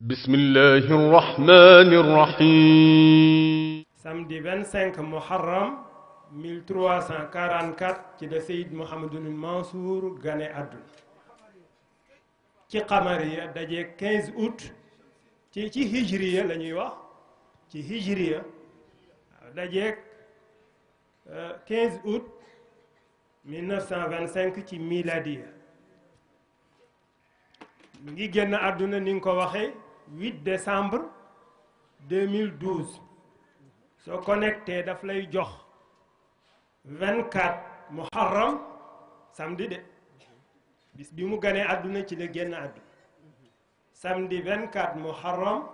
bismillahi rahmani rahim samedi 25 muharram 1344 ci da Seyd Mouhamadul Mansour gane àdduna ci xamariya daje 15 août ci ci hijriya wax ci hijriya daje 15 euh, août 1925 ci miladiya mi ngi génn àdduna ni nga ko waxee 8 décembre 2012 soo connecté daf lay jox 24 muharram samedi de bi mu ganee àdduna ci la génn àdduna samedi 24 muharram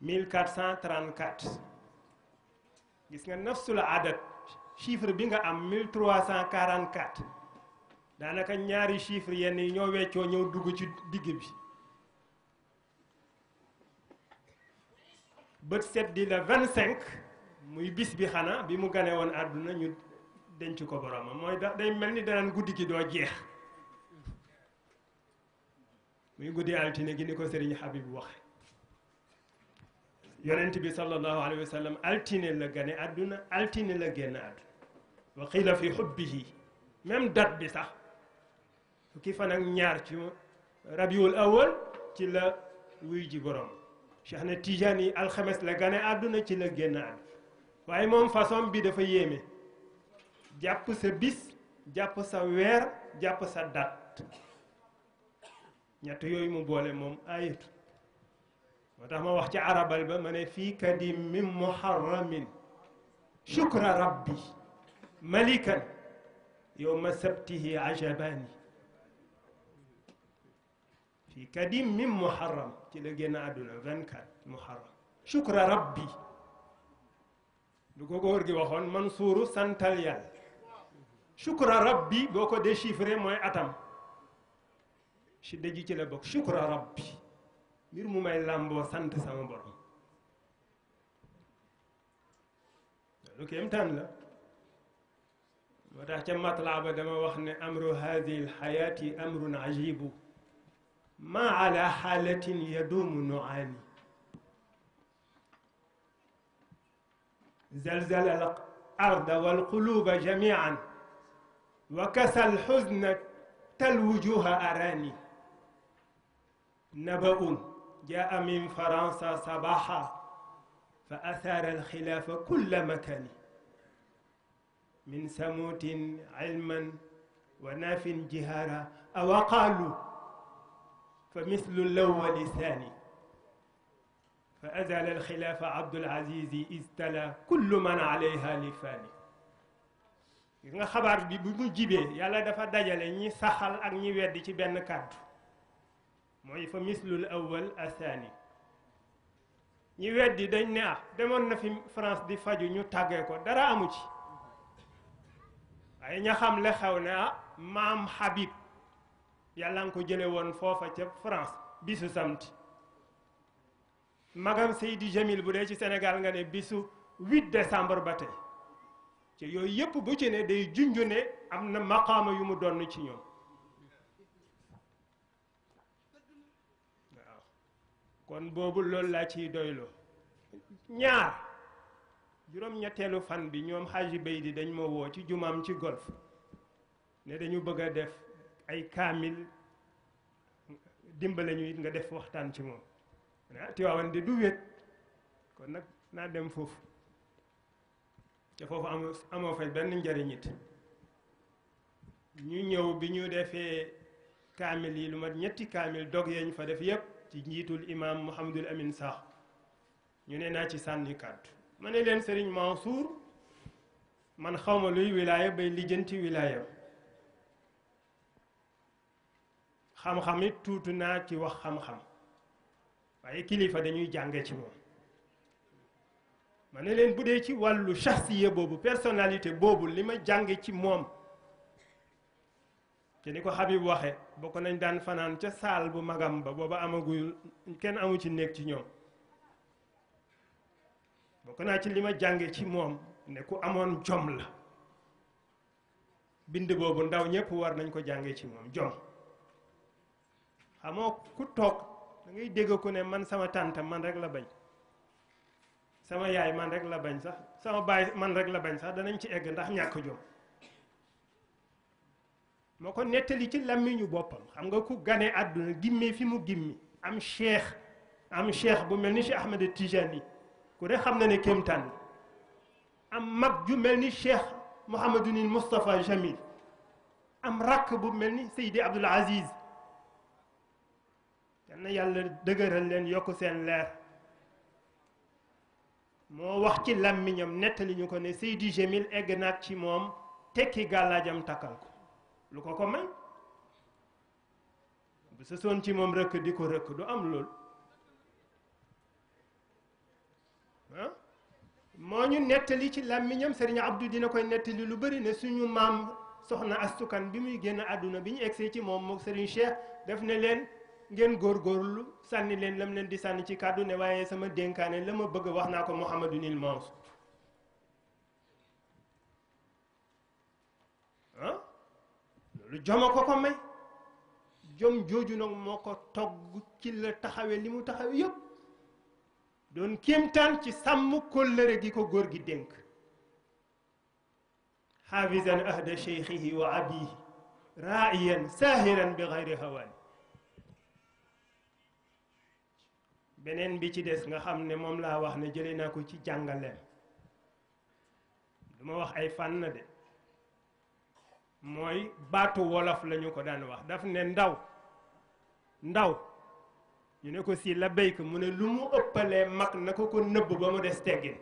1434 gis nga nafsul adat chiffre bi nga am cent 1344 daanaka ñaari chiffre yenn yi ñoo weccoo ñëw dugg ci digg bi bët set di la vingt cinq muy bis bi xanaa bi mu gane woon àdduna ñu denc ko boromam mooy da day mel ni danaan guddi gi doo jeex muy guddi altine gi ni ko Serigne Habib waxe yonent bi sallallahu alayhi wa sallam altine la gane àdduna altine la génn àdduna wa qila fi bi hubbihi même dat bi sax fukki fan ak ñaar ci rabiul awal ci la wuy ji borom Cheikh na Tijaan yi alxames la gane àdduna ci la génn àdduna waaye moom façon bi dafa yéeme jàpp sa bis jàpp sa weer jàpp sa date ñett yooyu mu boole moom ayatu moo tax ma wax ca arabal ba ma ne fii kadim min muharramin shukra rabbi malikan yow ma sabtihi ajabani fii kadim min muharram ci la génn àdduna 24 muharram shukra rabbi lu ko góor gi waxoon Mansuuru santal yàlla shukra rabbi boo ko déchiffré mooy atam si ci la bokk shukra rabbi mbir mu may làmboo sant sama borom lu kéemtaan la moo tax ca matlaa ba dama wax ne amru haadihi l xayaati amrun ma ala xaalatin yaduumu nuaani zalzala al arda wal quluuba jamian wa kasal xusna tal wujuha araani nabaun jaa min faransa sabaxa fa athaara alxilaafa kulla makani min samuutin ilman wa naafin jihaara awa qaalu fa mislu lawali saani fa azala alxilaafa Abdul Aziz istala kullu man alayha li faani gis nga xabaar bi bu mu jibee yàlla dafa dajale ñi saxal ak ñi weddi ci benn kàddu mooy fa mislul awal asaani ñi weddi dañ ne ah demoon na fi France di faju ñu tàggee ko dara amu ci waaye ña xam le xew ne ah maam Habib yàlla nga ko jële woon foofa ca France bisu samedi magam Seydi Jamil bu dee ci senegal nga ne bisu 8 décembre ba tey ci yooyu yépp bu ci ne day junju ne am na maqaama yu mu donn ci ñoom waaw kon boobu loolu laa ciy doyloo ñaar juróom-ñetteelu fan bi ñoom xaaji bay di dañ ma woo ci jumaam ci golf ne dañu bëgg a def ay kaamil dimbale ñu it nga def waxtaan ci moom ah Tiwaawan du wéet kon nag naa dem foofu te foofu amoo amoo fay benn njariñ it ñu ñëw bi ñu defee kaamil yi lu ma ñetti kaamil dog yeñ fa def yépp ci njiitul imaam Mouhamadul Amin Sakho ñu ne naa ci sànni kàddu ma ne leen Serigne Mansour man xawma luy wilaaya bay lijjanti wilaayam xam-xam it tuuti naa ci wax xam-xam waaye kilifa dañuy jànge ci moom ma ne leen bu ci wàllu shaxsiye boobu personnalité boobu li ma jànge ci moom te ni ko Habib waxe bokk nañ daan fanaan ca saal bu magam ba booba kenn amu ci nekk ci ñoom bokk naa ci li ma jànge ci moom ne ku amoon jom la bind boobu ndaw ñëpp war nañ ko jànge ci moom jom xamoo ku toog da ngay dégg ko ne man sama tànta man rek la bañ sama yaay man rek la bañ sax sama baay man rek la bañ sax danañ ci egg ndax ñàkk jom moo ko nettali ci làmmiñu boppam xam nga ku gane àdduna gimmee fi mu gimmi am cheikh am cheikh bu mel ni Cheikh Ahmed Tijani ku ne xam na ne kéemtaan am mag ju mel ni cheikh Mouhamadunil Moustapha Jamil am rakk bu mel ni Seydi Abdoul Aziz yal na yàlla dëgëral leen yokk seen leer moo wax ci làmmiñam nettali ñu ko ne Seydi Jamil egg naat ci moom tekki gàllaajam takkal ko lu ko ko may bu sësoon ci moom rëkk di ko rëkk du am loolu ah moo ñu nettali ci làmmiñam Serigne Abdou dina koy nettali lu bari ne suñu maam soxna astukan bi muy génn àdduna bi ñu egsee ci moom moo Serigne Cheikh def ne leen ngeen góor góorgóorlu sànni leen lam leen di sànni ci kàddu ne waaye sama dénkaane la ma bëgg wax naa ko Mouhamadou Nil Mansour ah loolu joma ko ko may jom jooju nag moo ko togg ci la taxawe li mu taxawe yëpp doon kéemtaan ci sàmm kóllëre gi ko góor gi dénk xaafisan ahda cheikhihi wa abihi raiyan saahiran bi xayri hawaani beneen bi ci des nga xam ne moom laa wax ne jëlee naa ko ci jàngaleem du wax ay fànn de mooy baatu wolof lañu ko daan wax daf ne ndaw ndaw ñu ne ko si la béyk mu ne lu mu ëppalee mag na ko ko nëbb ba mu des teggin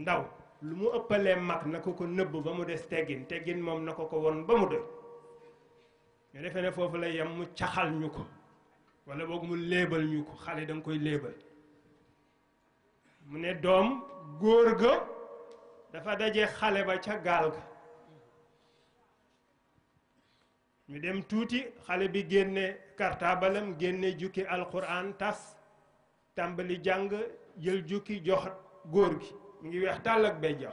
ndaw lu mu ëppalee mag na ko ko nëbb ba mu des teggin teggin moom na ko ko won ba mu doy nga ne foofu la yem mu caxal ñu ko walla boog mu léebal ñu ko xale danga koy léebal mu ne doom góor ga dafa daje xale ba ca gaal ga ñu dem tuuti xale bi génne kartaabalam génne jukki alquran tas tàmbali jàng jël jukki jox góor gi mu ngi weex tàll ak bejja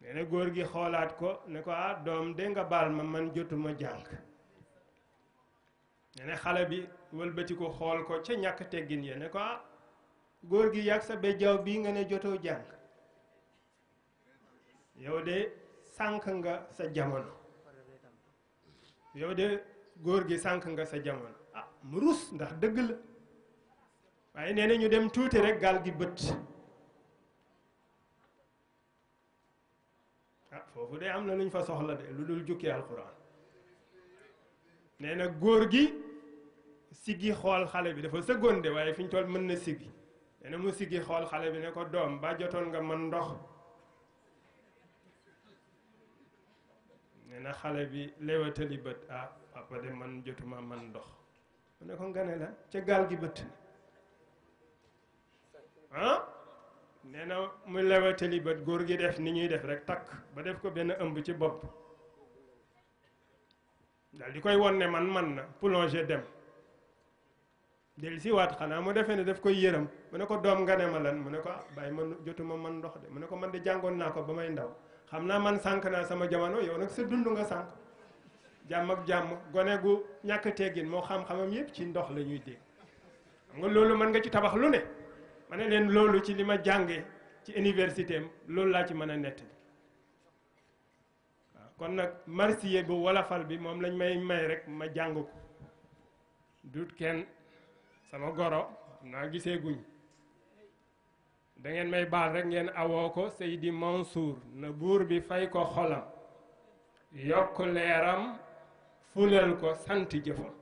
nee na góor gi xoolaat ko ne ko ah doom de nga baal ma man jotuma jàng nee na xale bi wëlbati ko xool ko ca ñàkk teggin ya ne ko ah góor gi yàgg sa bejjaaw bii nga ne jotoo jàng yow de sànq nga sa jamono yow de góor gi sànq nga sa jamono ah murus ndax dëgg la waaye nee nañu ñu dem tuuti rek gaal gi bët foofu de am na lu ñu fa soxla de lu dul jukki alxuraan nee na góor gi siggi xool xale bi dafa sëggoon de waaye fi ñu toll mën na siggi nee na mu siggi xool xale bi ne ko doom ba jotoon nga man ndox ne na xale bi lewatali bët ah papa de man jotuma man ndox mu ne ko nga ne la ca gaal gi bët ah nee na mu lewetali bët góor gi def ni ñuy def rek takk ba def ko benn ëmb ci bopp dal di koy won ne man man na plongé dem del si waat xanaa mu defee ne daf koy yërëm mu ne ko doom nga ne ma lan mu ne ko ah bàyyi man jotuma man ndox de mu ne ko man de jàngoon naa ko ba may ndaw xam naa man sànq naa sama jamono yow nag sa dund nga sànq jàmm ak jàmm gone gu ñàkk teggin moo xam-xamam yépp ci ndox lañuy ñuy dégg xam nga loolu mën nga ci tabax lu ne ma ne leen loolu ci li ma jànge ci université loolu laa ci mën a nett waaw kon nag marsiye bu wolofal bi moom lañ may may rek ma jàng ko duut kenn sama goro naa gisee guñ da ngeen may baal rek ngeen awoo ko Seydi Mansour na buur bi fay ko xolam yokk leeram fulal ko sant jëfam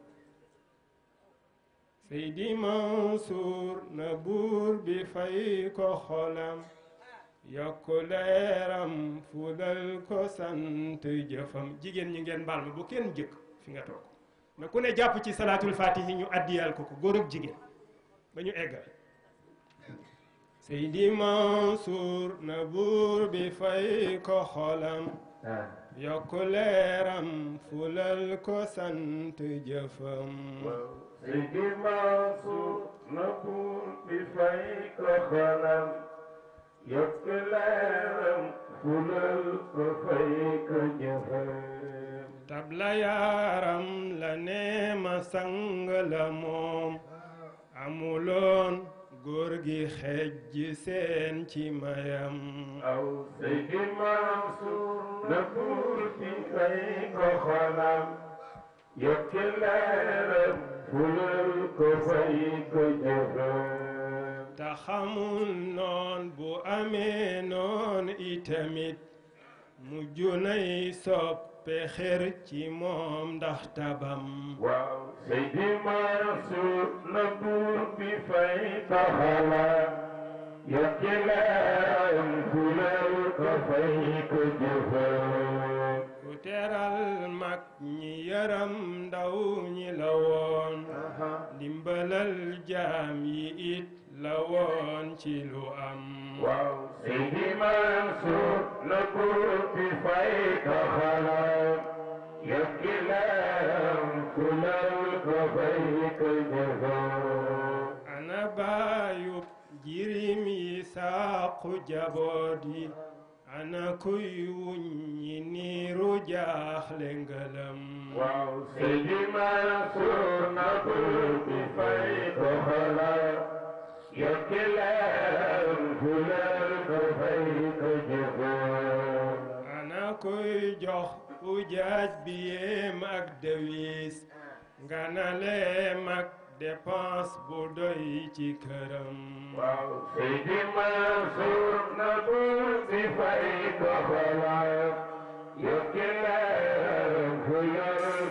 Seydi Mansour na buur bi fay ko xolam yokk fulal ko sant jëfam jigéen ñi ngeen baal ma bu kenn jëkk fi nga toog na ku ne jàpp ci salaatul faatihi ñu àddiyal ko ko góor ak jigéen ba ñu eggal Seydi Mansour na buur bi fay ko xolam yokk fulal ko sant jëfam سيدي منصور نكون بفيك خلم يكلم فلل فيك amuloon góor gi xejj seen ci mayam kulul ko fay noon bu amee noon itamit mu junay soppe xer ci moom ndax tabam waaw seydi Mansuur na bi fay taxala yokki leeram ko fay ko jëfam teral mag ñi yaram ndaw ñi la woon yi it la ci lu am waaw Seydi Mansour la guddi fay ka xalaat yëpp gi ku lawul ko fay ka jëfoo ana baayub jirim yi saaqu jaboot yi ana kuy wuññi niiru jaaxle ngalam waaw Seydi Mansuur na buur bi fay ko xalaat yokki leeram fu leer ko fay ko jëfoo ana kuy jox ujaaj bi yéem ak dewis nga na leem ak dépense bu doy ci këram waaw Seydi Mansour na bul si fay doxalaat yokki leeram fu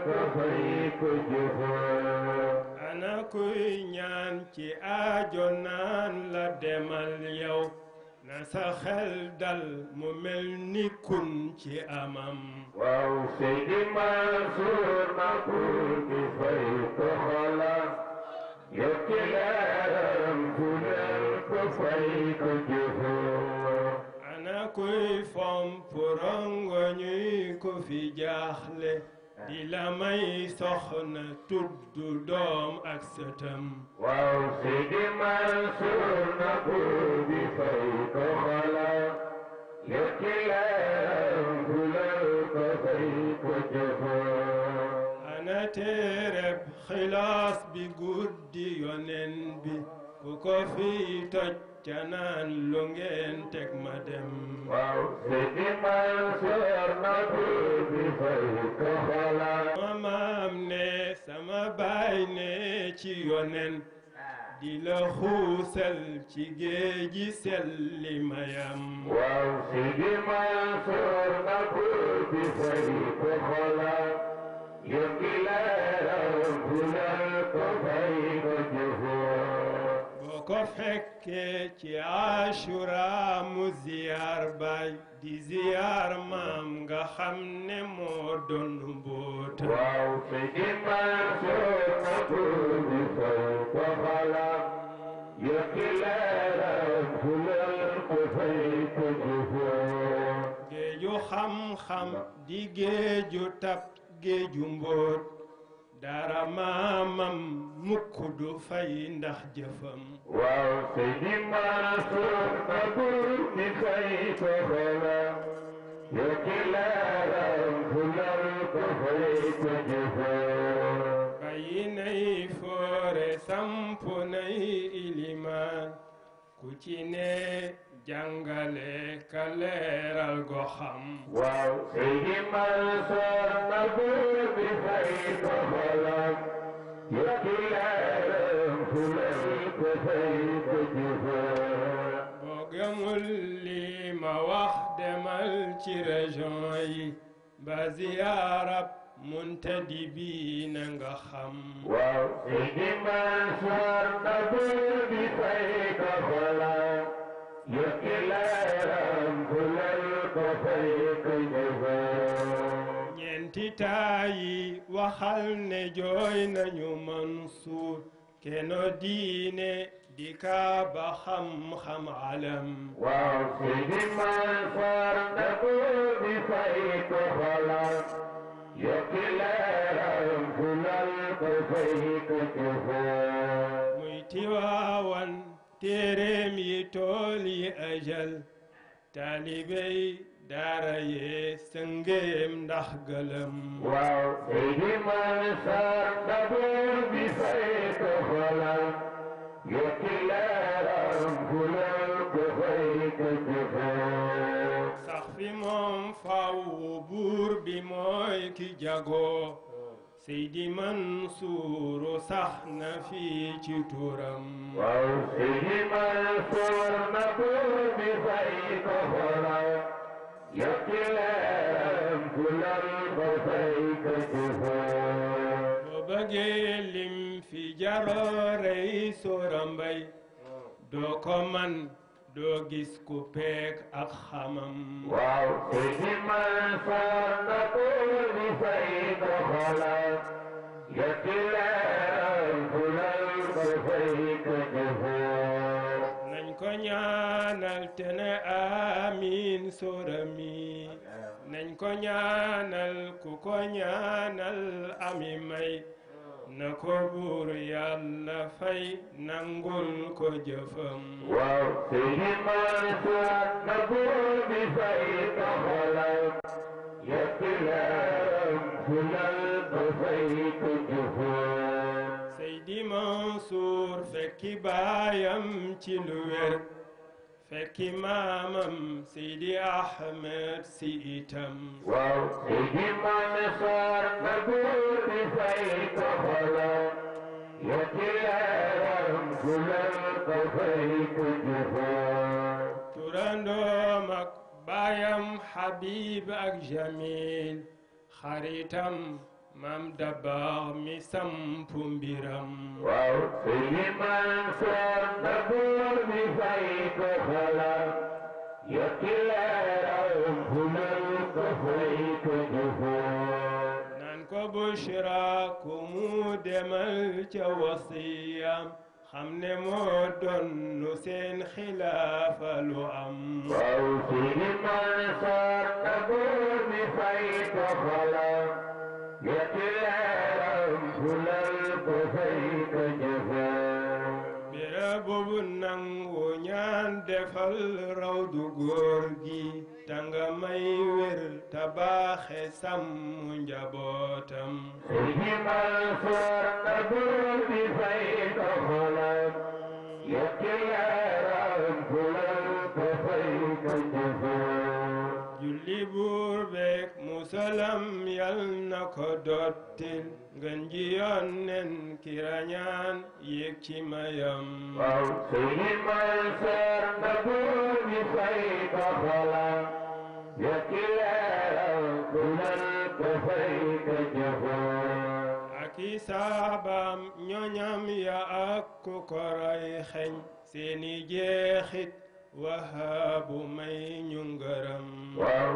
ko fay ko ñaan ci aajo naan la demal yow na sa xel dal mu mel ni kun ci amam. waaw Seydi Mansour na bul si fay doxalaat yëpp leeram ku leen fay ko ana kuy fomp rongo ñuy ko jaaxle di la may soxna tudd doom ak sëtam si di Mansuur na ko di fay ko xala yëpp leeram ku leen ko fay ko ana téere xilaas bi guddi yonen bi ku ko fi toj ca naan lu ngeen teg ma dem waaw si imal seer na bi fay ko ma maam ne sama baay ne ci yonen di la xuusal ci géeji selli mayam boo ko fekkee ci asura mu ziyaar bay nga xam ne moo doon mboota géeju mbóot dara maamam mukk du fay ndax jëfam waaw sëy di maasur fagul fay toxola yoo laaram fulal ko fay ko jëfam nay foore samp nay ilimaan ku ci ne jàngale ka leeral go xam waaw Seydi Mansour na buur bi fay ko xolam yokki leeram fu lay ko fay ko jëfam boo gëmul lii ma wax demal ci région yi ba ziyaarab muntadi bi xam ñeenti taayi waxal ne jooy nañu Mansuur keno diine di kaaba xam-xam alam waaw si di di fay ko xolam yokki leeram fulal ko fay ko muy téeréem yi tool yi ajal taalibey daara yee sëngéem ndax gëlëm waaw Seydi Maalik Sarr dabuur bi say ko xolam yotti leeram fulal ko fay ko jëfoo sax fi moom faw buur bi mooy ki jagoo Seydi Mansour sax fii ci turam. waaw Seydi Mansour na tur bi fay ko xoolal. yàqi leen kulal ba doo gis ku peeg ak xamam waaw ku ci man saar na kuur di fay doxalam ku lal ko fay ko jëfoo ku ko na ko buur yàlla fay nangul ko Seydi Mansour na baayam ci fekki maamam Seydi Ahmed si itam. waaw Seydi Maam Saar na góor di fay ko xooloo. yàgg leeram gulal ko fay ko jëfoo. turandoom ak baayam Habib ak Jamil xaritam. maam dabax mi samp mbiram waaw Silimaan Soor na buur bi fay ko xalaat yokki leeram fulal ko fay ko jëfoo naan ko bushra ku mu demal ca wasiyam xam ne moo donnu seen xilaafa lu am waaw Silimaan Soor na buur bi fay ko xalaat ñaan defal raw du góor gi ta nga may wér ta fay doxalam julli buur musalam yal ko dottil ngën ji yoon nen ki rañaan yéeg ci mayam waaw seyni may seer nda bi fay doxalam yekki leeral ku nan ko fay ka ñoñam ya ak ku koray xeñ seeni jeexit wahaabu may ñu ngërëm waaw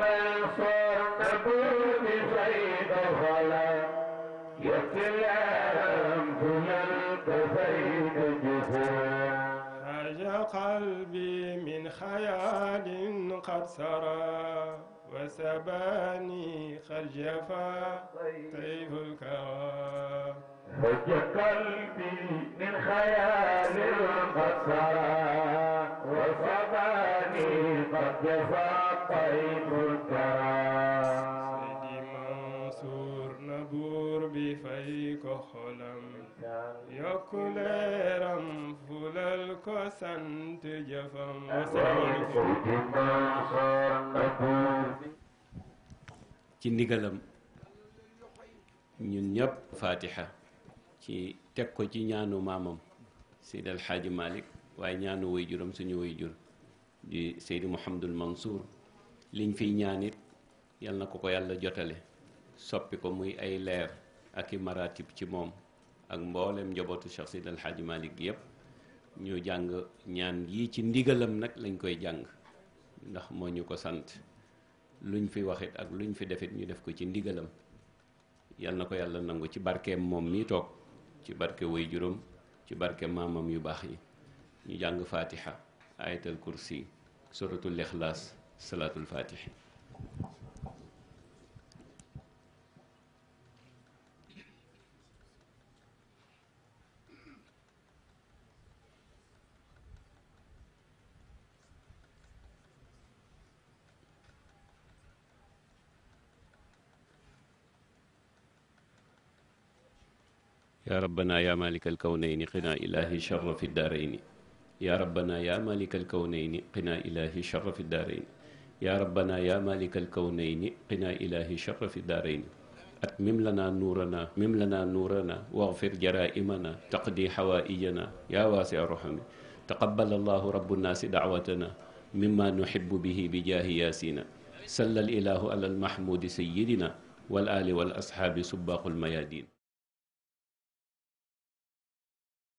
may seer nda bi fay doxalam واحتلام هنا القفيد جفون حاج قلبي من خيال قد سرى وسباني قد جفا طيف الكوى حج قلبي من خيال قد سرى وسباني قد جفا طيف الكوى yi fay ko xolam yokk leeram fulal ko sant jëfam ci ndigalam ñun ñëpp fatiha ci teg ko ci ñaanu maamam Seydi El Hadji Malick waaye ñaanu way juram suñu way jur di Seydi Mouhamadul Mansour liñ fiy ñaanit yal na ko ko yàlla jotale soppi ko muy ay leer ak i maratib ci moom ak mboolem njabootu Cheikh Seydi El Hadji yëpp ñu jàng ñaan yii ci ndigalam nag lañ koy jàng ndax moo ñu ko sant luñ fi waxit ak lu ñu fi defit ñu def ko ci ndigalam yal na ko yàlla nangu ci barkeem moom mi toog ci barke way juróom ci barke maamam yu baax yi ñu jàng fatiha ayatal kursi suratul ixlaas salaatul fatihi yaa rabbana yaa maalikal kawnayni qinaa ilaahi sharra fi daarayni yaa rabbana yaa maalikal kawnayni qinaa ilaahi sharra fi daarayni yaa rabbana yaa maalikal kawnayni qinaa ilaahi sharra fi daarayni at mim lanaa nuuranaa mim lanaa nuuranaa waxfir jaraa'imanaa taqdi xawaa'ijanaa yaa waasi'a rahmi taqabbal allaahu rabbu naasi dacwatanaa mimmaa nuxibbu bihi bi jaahi yaasiina sallal ilaahu alal mahmuudi sayyidinaa wal aali wal asxaabi subaaqul mayaadiin